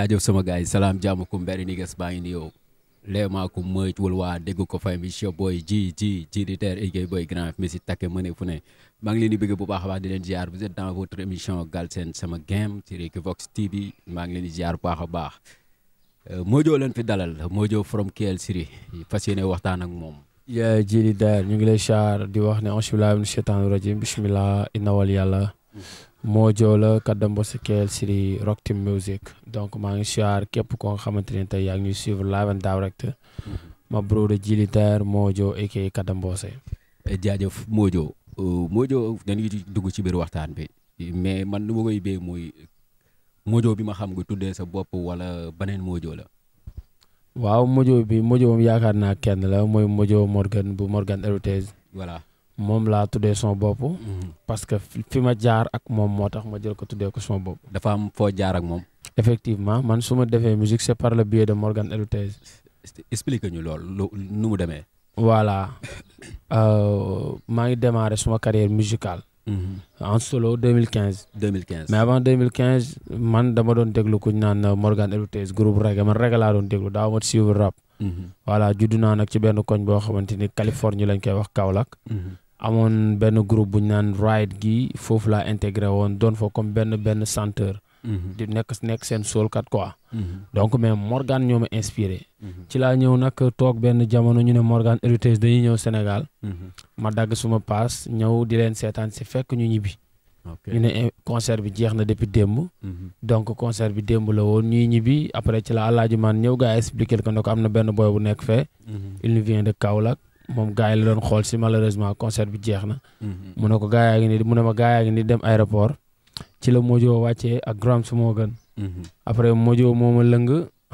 jaajëf sama gars yi salaam jàmm ku mbéri ni baa ngi ni yow léemaa ko mëj wul dégg ko fay mi booy ji ji ji di teer igéey booy grand mi si takke më ne ne maa ngi leen di bëgg bu baax a baax di leen ziar vous êtes dans votre émission Galsen sama game ci Equivox TV maa ngi leen di ziar bu baax a baax euh, Mojo leen fi dalal Mojo from KL Siri fas ne waxtaan ak moom ji di teer ñu ngi lay char di wax ne ansibilah min cheytaan rajim bismillah inawal yàlla mm-hmm. Mojo la Kadambo Sekel si Rock Team Music donc maa ngi siyaar képp ko xamante ne tey yaa ngi ñuy suivre live and direct ma broda Jilitaire Mojo aka Kadambose. Eh, jaajëf Mojo euh, Mojo dañuy dugg ci biir waxtaan bi mais man lu ma koy bee mooy Mojo bi ma xam nga tuddee sa bopp wala beneen Mojo la. waaw Mojo bi Mojo moom yaakaar naa kenn la mooy Mojo Morgan bu Morgan Heritage. voilà. moom laa tuddee son bopp. Mm-hmm. parce que fi ma jaar ak moom moo tax ma jël ko tuddee ko son bopp. dafa am foo jaar ak moom. effectivement man su ma defee musique c'est par le biais de Morgan Elutez. explique ñu loolu nu mu demee. voilà euh, maa ngi démarré suma carrière musicale. Mm-hmm. en solo 2015. 2015 mais avant 2015 man dama doon déglu ku ñu naan euh, Morgan Elutez groupe reggae man reggae laa doon déglu daaw ma suivre rap. Mm-hmm. voilà juddu naa nag ci benn koñ boo xamante ni Californie lañ koy wax Kaolack. amoon benn groupe bu ñu naan ride gi foofu laa intégré woon doon fa comme benn benn chanteur. Mhm. di nekk nekk seen soolkat quoi. Mhm. donc mais Morgan ñoo ma inspiré. Mhm. ci laa ñëw nag toog benn jamono ñu ne Morgan Heritage dañuy ñëw Sénégal. ma dagg suma paas ñëw di leen seetaan si fekk ñu ñibbi. ñu ne eh, concert bi jeex na depuis démb. donc concert bi démb la woon ñuy ñibbi après ci la alaaji man ñëw gaa expliqué ko ne am na benn boy bu nekk fe il de Kaolack. moom gars yi la doon xool si malheureusement concert bi jeex na. mu ne ko gars yaa ngi nii mu ne ma gars yaa ngi nii dem aéroport. ci la Mojo wàccee ak Grams moo gën. après Mojo moo ma lëng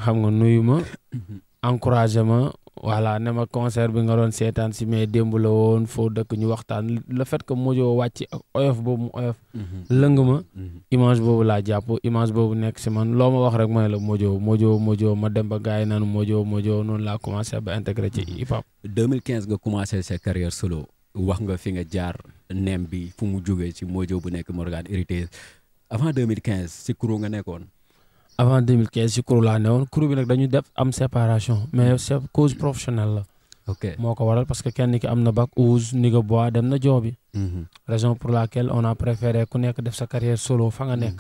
xam nga nuyu ma. Mhm. encouragé ma voilà ne ma concert bi nga doon seetaan si mais démb la woon foo dëkk ñu waxtaan le fait que Mojo wàcc ak oyof boobu mu oyof. Mhm. lëng ma. Mhm. image boobu laa jàpp image boobu nekk si man loo ma wax rek mooy la Mojo Mojo Mojo ma dem ba gars yi naan Mojo Mojo noonu laa commencé ba intégré ci hip hop. 2015 nga commencé sa carrière solo wax nga fi nga jaar nem bi fu mu jógee ci Mojo bu nekk Morgan Héritage avant 2015 si crew nga nekkoon. avant 2015 si crew laa newoon crew bi nag dañu def am séparation mais hmm. c'est cause professionnelle la. ok moo ko waral parce que kenn ki am na bac ouz ni bois dem na joobi. Hmm. raison pour laquelle on a préféré ku nekk def sa carrière solo fa nga hmm. nekk.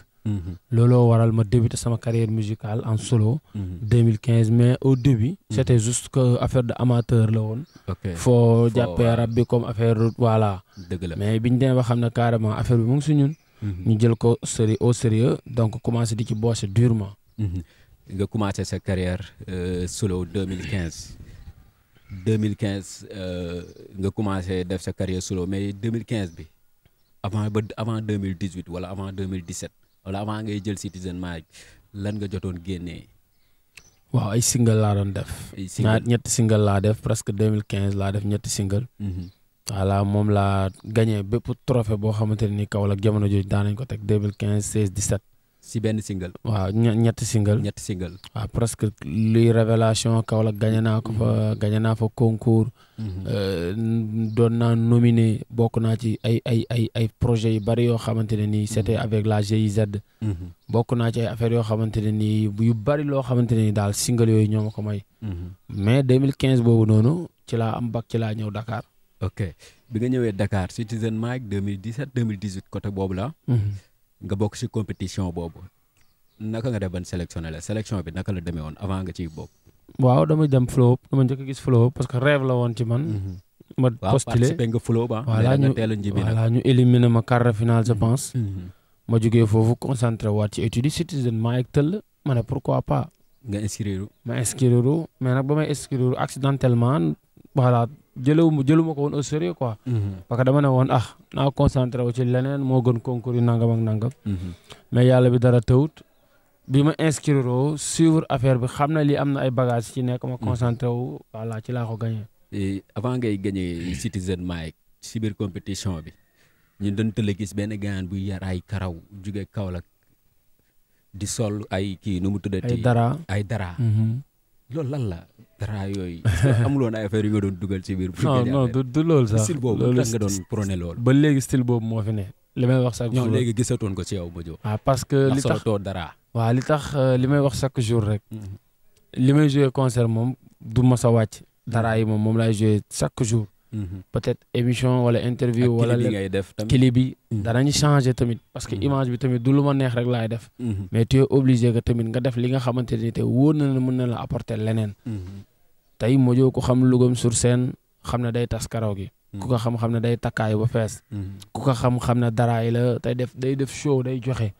looloo waral ma débuté sama carrière musicale en solo. 2015 mais au début. c' était juste que affaire de amateur la woon. foo jàppee rab bi comme affaire voilà. dëgg la mais biñ demee ba xam ne carrément affaire bi mu ngi si ñun. ñu jël ko sérieux au sérieux donc commencé di ci bosser durement. Mhm. nga commencé sa carrière euh, solo 2015 2015 euh, nga commencé def sa carrière solo mais 2015 bi avant ba avant 2018 wala avant 2017 wala avant ngay jël Citizen Mage lan nga jotoon génne waaw ay single laa doon def. ay single ñetti single laa def presque 2015 laa def ñetti single. Mhm. voilà moom laa gagné bépp trophée boo xamante ne ni Kaolack jamono jooju daan nañ ko teg 2015 16 17. si benn single. waaw ñetti single. ñetti single. waaw presque luy révélation Kaolack gagné naa ko fa mm-hmm. gagné naa fa concours. Mm-hmm. Euh, doon naa nominé bokk naa ci ay ay ay ay projets yu bari yoo xamante ne nii. c'était mm-hmm. avec la GIZ. bokk naa ci ay affaires yoo xamante ne nii yu bari loo xamante ne nii daal single yooyu ñoo ma ko may. mais 2015 boobu noonu ci laa am bac ci laa Dakar. ok bi nga ñëwee Dakar Citizen Mike 2017 2018 côté boobu la mhm. nga bokk ci compétition boobu. naka nga def ban sélectionné la sélection bi naka la demee woon avant nga ciy bokk. waaw dama dem flow dama njëkk a gis flow parce que rêve la woon ci man. Mhm. ma postulé waaw ñu voilà ma quart de finale je mhm. ma jógee foofu concentré waat ci études Citizen Mike tëll ma pourquoi pas. nga inscrire. ma inscrire mais nag ba may jëlewu jëluma ko woon au sérieux quoi. Mm-hmm. parce que dama ne woon ah naa concentré wu ci leneen moo gën concours yu nangam ak nangam. Mm-hmm. mais yàlla bi dara tëwut bi ma inscrire suivre affaire bi xam na lii am na ay bagages ci nekk ma mm-hmm. concentré wu voilà ci laa ko gagné. avant ngay gagné Citizen Mike ci biir compétition bi ñu doon tële gis benn gaan bu yar ay karaw jóge Kaolack di sol ay kii nu mu tuddati ay dara ay dara. loolu lan la dara yooyu amuloon ay affaire yu nga doon dugal ci biir. non non du du loolu sax style boobu lan nga doon prôné loolu. ba léegi style boobu moo fi ne. li may wax sax jour ñoom léegi gisatoon ko ci yow ba jóg. ah parce que li tax dara. waaw li tax euh, li may wax chaque jour rek. Mhm. li may joué concert moom du ma sa wàcc. dara yi moom moom laay joué chaque jours Mhm. peut-être émission wala interview. wala li ngay def tamit clip bi. Mhm. danañ changer tamit parce que mhm. image bi tamit du lu ma neex rek laay def. mais tu es obligé tamit nga def li nga xamante ne te wóor na ne mën na la apporter leneen. tey Mojo ko xam lugam sur seen xam ne day tas karaw gi. ku ko xam-xam ne day takkaayu ba fees. ku ko xam-xam ne daraay la tey def day def show day joxe.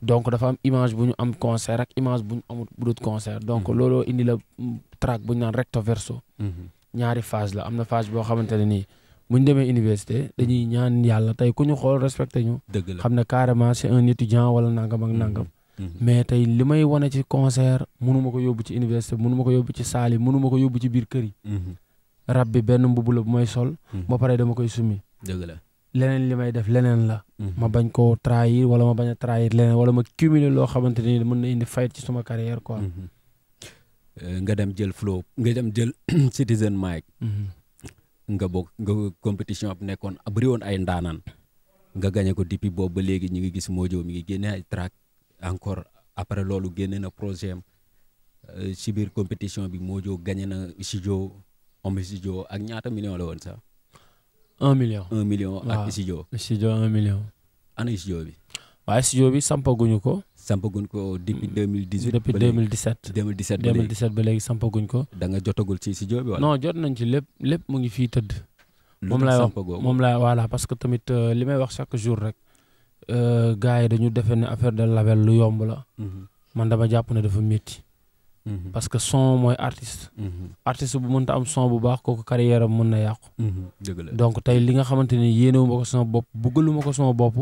donc dafa am image bu ñu am concert ak image bu ñu amut bu dul concert donc looloo indi la track bu ñu naan recto verso. ñaari phase la am na phase boo xamante ne nii bu ñu demee université dañuy ñaan yàlla tey ku ñu xool respecté ñu. dëgg la xam ne carrément c'est un étudiant wala nangam ak nangam. Mm-hmm. Mm-hmm. mais tey li may wane ci concert mënuma ko yóbbu ci université mënuma ko yóbbu ci saal yi mënuma ko yóbbu ci biir kër yi. Mm-hmm. rab bi benn mbubb la bu may sol. ba pare dama koy summi. dëgg la leneen li may def leneen la. ma bañ koo trahir wala ma bañ a trahir leneen wala ma cumuler loo xamante ni mën na indi fayit ci suma carrière quoi. Euh, nga dem jël flow nga dem jël citizen mic mm-hmm. nga bokk nga compétition ab nekkoon bëri ay ndaanaan nga gañe ko depuis boobu ba léegi ñu ngi gis Mojo mi ngi génne ay track encore après loolu génne na projet am si euh, biir compétition bi Mojo gañe na studio om studio ak ñaata million la woon sax. un million un million. ak studio. studio un million. ana studio bi. waaye studio bi sampaguñu ko. sampaguñ ko depuis 2018. Mm. depuis 2017 2017 ba léegi 2017 ba léegi sampaguñ ko. da nga jotagul ci studio bi wala. non jot nañ ci lépp lépp mu ngi fii tëdd. moom laay wax moom laay voilà parce que tamit euh, li may wax chaque jour rek. Euh, gars yi dañu defe ne affaire de label lu yomb la. Mhm. man dama jàpp ne dafa métti. Mhm. parce que son mooy artiste. Mhm. artiste bu mënta am son bu baax kooku carrière am mën na yàqu. Mhm. dëgg la donc tey li nga xamante ni yéenewu ma ko sama bopp bëggalu ko sama bopp.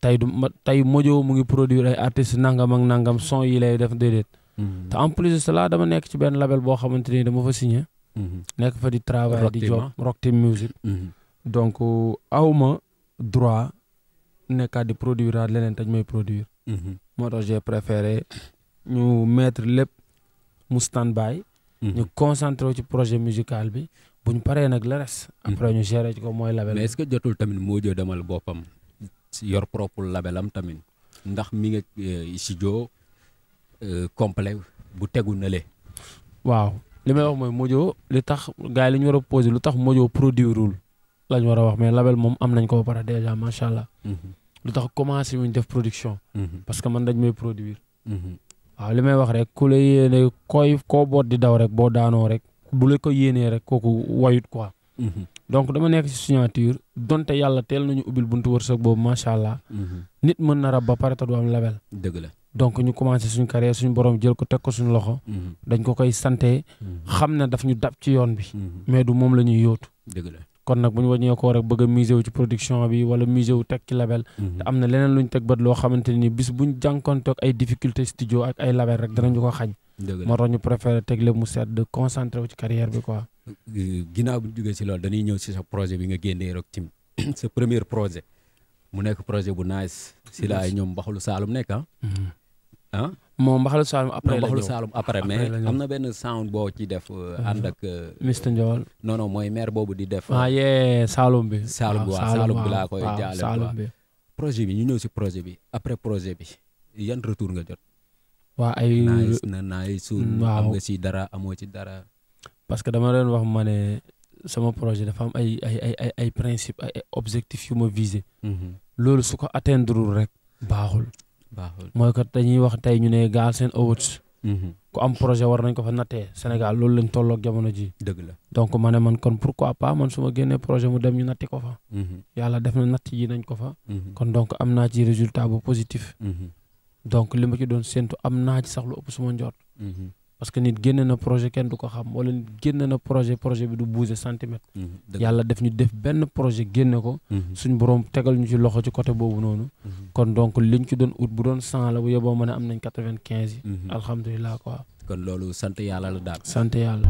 tey du ma tey Mojo mu ngi produire ay artistes nangam ak nangam son yi lay def déedéet. te en plus de cela dama nekk ci benn label boo xamante ni dama fa signé. nekk fa di travail di job Rock Team ah? Music. donc euh, awma droit nekkaat di produire leneen tañ may produire. moo tax j'ai préféré ñu mettre lépp. mu stand by. Mhm. ñu concentré ci projet musical bi bu ñu paree nag la res. Mhm. après ñu géré ci ko mooy label. mais est-ce que jotul tamit Modio demal boppam yor propre labelam tamit ndax mi nga si eh, studio euh, complet bu tegu na le waaw li may wax mooy Modio li tax gars yi li ñu war a posé lu tax Modio produirul la ñu war a wax mais label moom am nañ ko ba pare déjà macha allah. Mhm. lu tax commencé wuñ def production. parce que man dañ may produire. waaw li may wax rek ku la yéene koy koo boot di daw rek boo daanoo rek bu la ko yéenee rek kooku wayut quoi. Mhm. donc dama nekk ci signature donte yàlla teel nañu ubbil buntu wërsëg boobu macha allah. Mhm. nit mën na rab ba pare te du am label. dëgg la donc ñu commencé suñu carrière suñu boroom jël ko teg ko suñu loxo. Mhm. dañ ko koy sante xam ne daf ñu dab ci yoon bi. mais du moom la ñuy yóotu. dëgg la kon nag bu ñu waññee rek bëgg a wu ci production bi wala musé wu teg ki label. Mhm. te am na leneen lu ñu teg bët loo xamante ni bis bu ñu jànkonteeg ay difficulté studio ak ay label rek danañu ko xañ. moo tax ñu préféré teg lépp mu seet de concentré wu ci carrière bi quoi. ginnaaw bu ñu jógee si loolu dañuy ñëw si sa projet bi nga génnee rek tim sa premier projet mu nekk projet bu nice si ay ñoom mbaxalu Saalum nekk ah. Mhm. ah moom mbaxalu Saalum après la mbaxalu Saalum après mais am na benn sound boo ci def euh, mhm. ànd ak. Euh, Mr Ndiol. non mooy maire boobu di def. ah euh, yee Saalum bi. Ah, Saalum bi waaw laa koy jaale waaw projet bi ñu ñëw si projet bi après projet bi yan retour nga jot. waa ay na naay suur mm, am nga si dara amoo ci dara. parce que dama doon wax ma ne sama projet dafa am ay ay ay ay ay principe objectif yu ma visé. Mhm. loolu su ko atteindre rek baaxul. mooy que dañuy wax tey ñu ne Galsen Awards mhm. ku am projet war nañ ko fa nattee Sénégal loolu lañ tollook jamono ji dëgg la donc ma ne man kon pourquoi pas man su ma génnee projet mu dem ñu natti ko fa mhm. yàlla def na natt yi nañ ko fa mhm. kon donc am naa ci résultat bu positif donc li ma ci doon séntu am naa ci sax lu ëpp suma njort parce que nit génne na projet kenn du ko xam wala nit génne na projet projet bi du bouger centimètre. Mhm, yàlla def ñu def benn projet génne ko. Mhm. suñ borom tegal ñu ci loxo ci côté boobu noonu. Mhm. kon donc li ñu ci doon ut bu doon cent la bu yeboo ma ne am nañ quatre-vingt-quinze yi. alhamdulilah quoi. kon loolu sant yàlla la daal. sant yàlla.